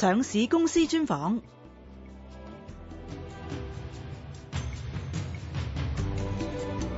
上市公司專訪。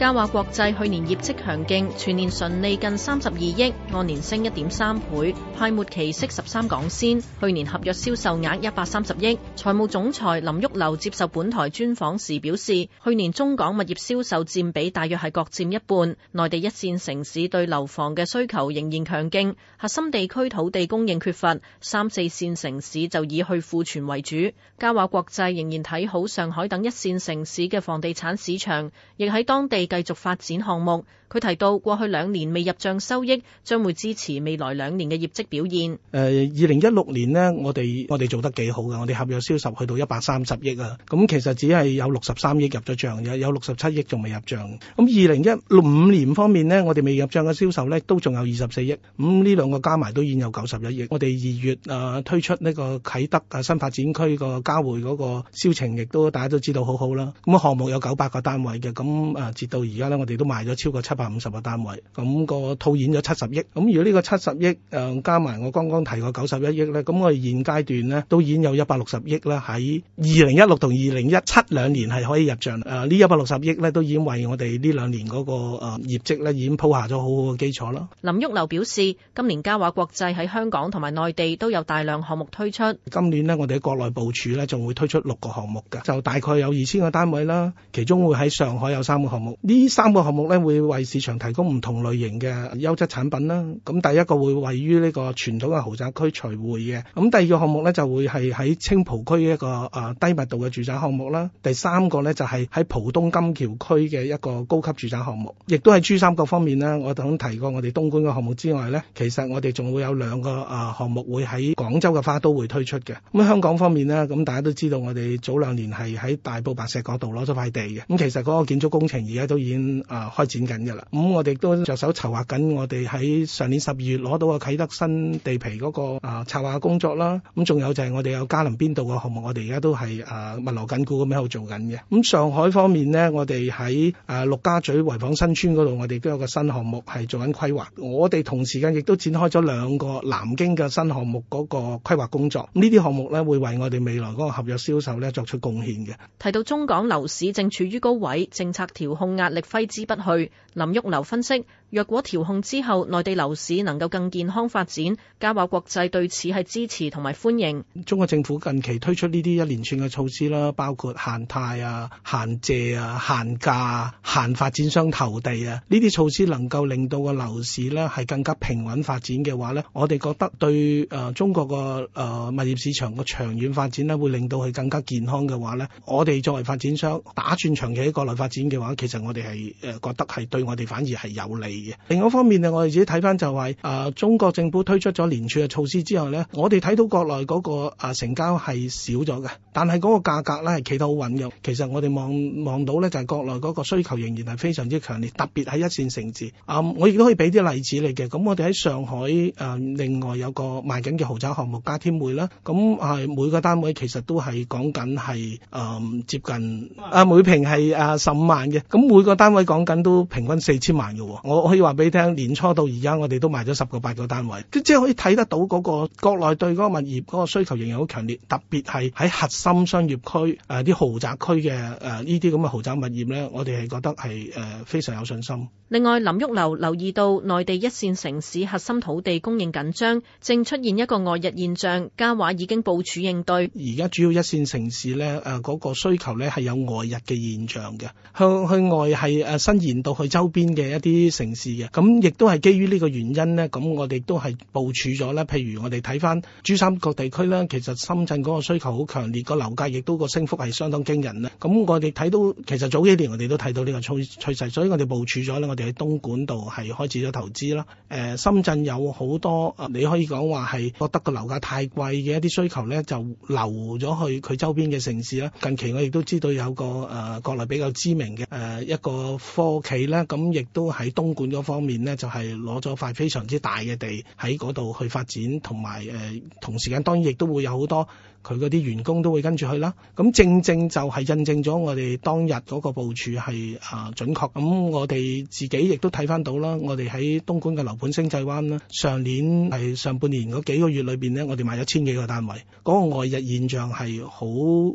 嘉華國際去年業績強勁，全年純利近三十二億，按年升一點三倍，派末期息十三港仙，去年合約銷售額一百三十億。財務總裁林鋈鎏接受本台專訪時表示，去年中港物業銷售佔比大約係各佔一半，內地一線城市對樓房嘅需求仍然強勁，核心地區土地供應缺乏，三四線城市就以去庫存為主。嘉華國際仍然睇好上海等一線城市嘅房地產市場，亦喺當地。繼續發展項目，佢提到過去兩年未入賬收益將會支持未來兩年嘅業績表現。誒，二零一六年呢，我哋我哋做得幾好㗎，我哋合約銷售去到一百三十億啊，咁其實只係有六十三億入咗賬，有有六十七億仲未入賬。咁二零一五年方面呢，我哋未入賬嘅銷售呢都仲有二十四億，咁呢兩個加埋都已經有九十一億。我哋二月推出呢個啟德啊新發展區個嘉匯嗰個銷情，亦都大家都知道好好啦。咁項目有九百個單位嘅，咁啊接到。到而家呢，我哋都賣咗超過七百五十個單位，咁個套現咗七十億。咁如果呢個七十億誒加埋我剛剛提過九十一億呢，咁我哋現階段呢，都已經有一百六十億啦，喺二零一六同二零一七兩年係可以入賬誒。呢一百六十億呢，都已經為我哋呢兩年嗰個誒業績已經鋪下咗好好嘅基礎啦。林鋈鎏表示，今年嘉華國際喺香港同埋內地都有大量項目推出。今年呢，我哋喺國內部署呢，仲會推出六個項目嘅，就大概有二千個單位啦，其中會喺上海有三個項目。呢三個項目咧，會為市場提供唔同類型嘅優質產品啦。咁第一個會位於呢個傳統嘅豪宅區徐匯嘅。咁第二個項目咧，就會係喺青浦區一個誒低密度嘅住宅項目啦。第三個咧，就係喺浦東金橋區嘅一個高級住宅項目。亦都係珠三角方面啦。我等提過我哋東莞嘅項目之外咧，其實我哋仲會有兩個誒項目會喺廣州嘅花都會推出嘅。咁香港方面呢，咁大家都知道我哋早兩年係喺大埔白石度攞咗塊地嘅。咁其實嗰個建築工程而家都已經啊開展緊嘅啦，咁我哋都着手籌劃緊，我哋喺上年十二月攞到嘅啟德新地皮嗰個啊策劃工作啦，咁仲有就係我哋有嘉林邊度嘅項目，我哋而家都係啊物流緊固咁喺度做緊嘅。咁上海方面呢，我哋喺啊陸家嘴濰坊新村嗰度，我哋都有個新項目係做緊規劃。我哋同時間亦都展開咗兩個南京嘅新項目嗰個規劃工作。咁呢啲項目咧會為我哋未來嗰個合約銷售咧作出貢獻嘅。提到中港樓市正處於高位，政策調控壓力揮之不去。林鋈鎏分析。若果調控之後，內地樓市能夠更健康發展，嘉華國際對此係支持同埋歡迎。中國政府近期推出呢啲一連串嘅措施啦，包括限貸啊、限借啊、限價、限發展商投地啊，呢啲措施能夠令到個樓市呢係更加平穩發展嘅話呢，我哋覺得對誒中國個誒物業市場個長遠發展咧會令到佢更加健康嘅話呢。我哋作為發展商打算長期喺國內發展嘅話，其實我哋係誒覺得係對我哋反而係有利。另外一方面呢、就是、啊，我哋自己睇翻就係中國政府推出咗連串嘅措施之後咧，我哋睇到國內嗰、那個啊成交係少咗嘅，但係嗰個價格咧企得好穩嘅。其實我哋望望到咧就係、是、國內嗰個需求仍然係非常之強烈，特別係一線城市。啊，我亦都可以俾啲例子嚟嘅。咁我哋喺上海、啊、另外有個賣緊嘅豪宅項目嘉天匯啦。咁係每個單位其實都係講緊係啊接近啊每平係啊十五萬嘅。咁每個單位講緊都平均四千萬嘅。我可以話俾你聽，年初到而家我哋都賣咗十個八個單位，即係可以睇得到嗰個國內對嗰個物業嗰個需求仍然好強烈，特別係喺核心商業區誒啲、啊、豪宅區嘅誒呢啲咁嘅豪宅物業呢，我哋係覺得係非常有信心。另外，林鋈鎏留，留意到內地一線城市核心土地供應緊張，正出現一個外溢現象，嘉華已經部署應對。而家主要一線城市呢，嗰、嗰個需求呢係有外溢嘅現象嘅，向外係誒伸延到去周邊嘅一啲城市。嘅咁，亦都係基於呢個原因呢。咁我哋都係部署咗呢，譬如我哋睇翻珠三角地區呢，其實深圳嗰個需求好強烈，個樓價亦都個升幅係相當驚人啦，咁我哋睇到其實早幾年我哋都睇到呢個趨趨勢，所以我哋部署咗呢，我哋喺東莞度係開始咗投資啦、呃。深圳有好多你可以講話係覺得個樓價太貴嘅一啲需求呢，就流咗去佢周邊嘅城市啦。近期我亦都知道有個誒、呃、國內比較知名嘅一個科企呢，咁、呃、亦都喺東莞。嗰方面呢，就係攞咗塊非常之大嘅地喺嗰度去發展，同埋誒，同時間當然亦都會有好多佢嗰啲員工都會跟住去啦。咁正正就係印證咗我哋當日嗰個部署係啊準確。咁我哋自己亦都睇翻到啦，我哋喺東莞嘅樓盤星際灣啦。上年係上半年嗰幾個月裏邊呢，我哋賣咗千幾個單位，嗰、那個外溢現象係好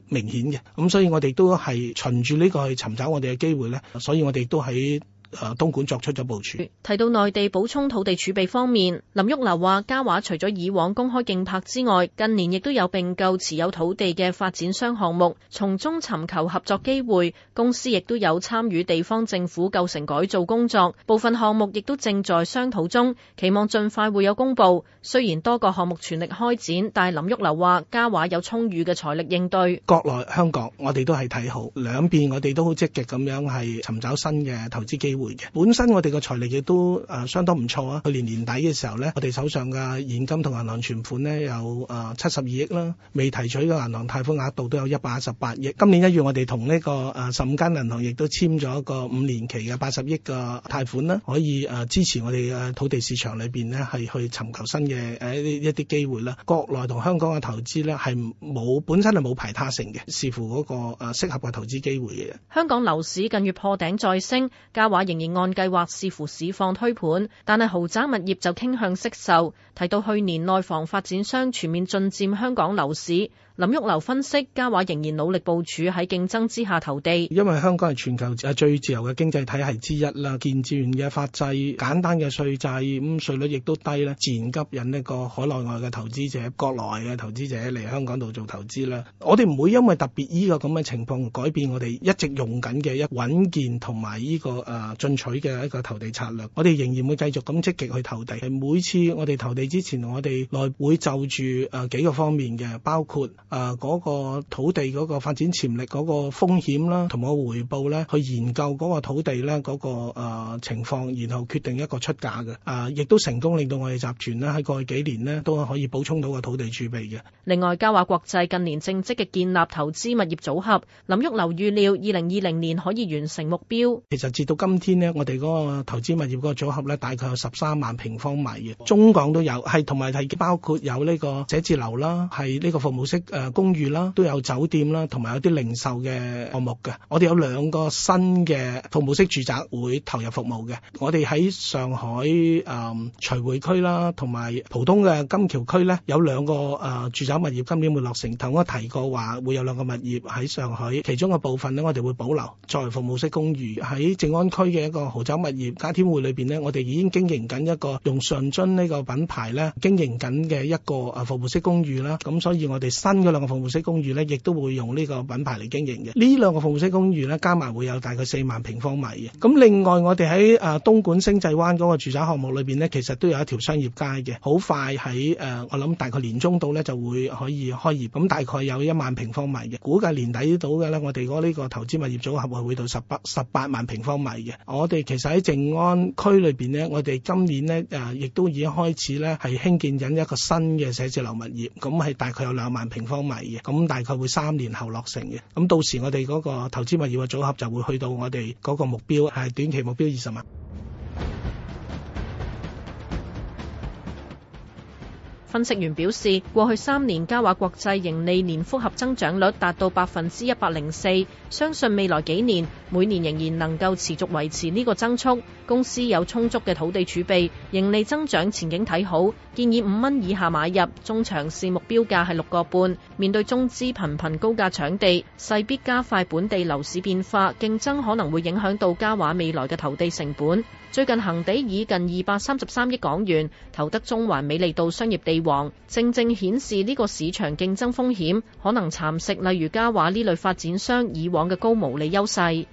明顯嘅。咁所以我哋都係循住呢個去尋找我哋嘅機會呢。所以我哋都喺。誒東莞作出咗部署。提到內地補充土地儲備方面，林鋈鎏話：嘉華除咗以往公開競拍之外，近年亦都有並購持有土地嘅發展商項目，從中尋求合作機會。公司亦都有參與地方政府舊城改造工作，部分項目亦都正在商討中，期望盡快會有公佈。雖然多個項目全力開展，但林鋈鎏話：嘉華有充裕嘅財力應對國內、香港，我哋都係睇好兩邊，我哋都好積極咁樣係尋找新嘅投資機會。本身我哋嘅財力亦都相當唔錯啊！去年年底嘅時候呢，我哋手上嘅現金同銀行存款呢，有七十二億啦，未提取嘅銀行貸款額度都有一百一十八億。今年一月我哋同呢個十五間銀行亦都簽咗一個五年期嘅八十億嘅貸款啦，可以支持我哋嘅土地市場裏邊呢，係去尋求新嘅一啲一啲機會啦。國內同香港嘅投資呢，係冇本身係冇排他性嘅，視乎嗰個適合嘅投資機會嘅。香港樓市近月破頂再升，嘉華仍然按計劃視乎市況推盤，但係豪宅物業就傾向惜售。提到去年內房發展商全面進佔香港樓市。林鋈鎏分析，嘉華仍然努力部署喺競爭之下投地，因為香港係全球最自由嘅經濟體系之一啦，建設園嘅法制簡單嘅稅制，咁稅率亦都低咧，自然吸引一個海內外嘅投資者，國內嘅投資者嚟香港度做投資啦。我哋唔會因為特別依個咁嘅情況改變我哋一直用緊嘅一穩健同埋呢個誒進取嘅一個投地策略。我哋仍然會繼續咁積極去投地。每次我哋投地之前，我哋內會就住誒幾個方面嘅，包括。啊，嗰個土地嗰個發展潛力、嗰個風險啦，同埋個回報咧，去研究嗰個土地咧嗰個情況，然後決定一個出價嘅啊，亦都成功令到我哋集團呢，喺過去幾年呢，都可以補充到個土地儲備嘅。另外，嘉華國際近年正積極建立投資物業組合，林鋈鎏預料二零二零年可以完成目標。其實直至到今天呢，我哋嗰個投資物業個組合咧，大概有十三萬平方米嘅，中港都有，係同埋係包括有呢個寫字樓啦，係呢個服務式誒公寓啦，都有酒店啦，同埋有啲零售嘅項目嘅。我哋有兩個新嘅服務式住宅會投入服務嘅。我哋喺上海誒徐匯區啦，同埋浦東嘅金橋區咧，有兩個誒住宅物業今年會落成。頭我提過話，會有兩個物業喺上海，其中嘅部分咧，我哋會保留作為服務式公寓。喺靜安區嘅一個豪宅物業嘉天匯裏邊咧，我哋已經經營緊一個用上尊呢個品牌咧經營緊嘅一個誒服務式公寓啦。咁所以我哋新呢兩個服務式公寓咧，亦都會用呢個品牌嚟經營嘅。呢兩個服務式公寓咧，加埋會有大概四萬平方米嘅。咁另外我哋喺誒東莞星際灣嗰個住宅項目裏邊咧，其實都有一條商業街嘅。好快喺誒、啊，我諗大概年中到咧就會可以開業。咁大概有一萬平方米嘅。估計年底到嘅咧，我哋嗰呢個投資物業組合會到十八十八萬平方米嘅。我哋其實喺靜安區裏邊咧，我哋今年咧誒亦都已經開始咧係興建緊一個新嘅寫字樓物業。咁係大概有兩萬平方米。收埋嘅，咁大概會三年後落成嘅。咁到時我哋嗰個投資物業嘅組合就會去到我哋嗰個目標，係短期目標二十萬。分析員表示，過去三年嘉華國際盈利年複合增長率達到百分之一百零四，相信未來幾年每年仍然能夠持續維持呢個增速。公司有充足嘅土地儲備，盈利增長前景睇好，建議五蚊以下買入。中長線目標價係六個半。面對中資頻頻高價搶地，勢必加快本地樓市變化，競爭可能會影響到嘉華未來嘅投地成本。最近恒地以近二百三十三億港元投得中環美利道商業地王，正正顯示呢個市場競爭風險，可能蠶食例如嘉華呢類發展商以往嘅高毛利優勢。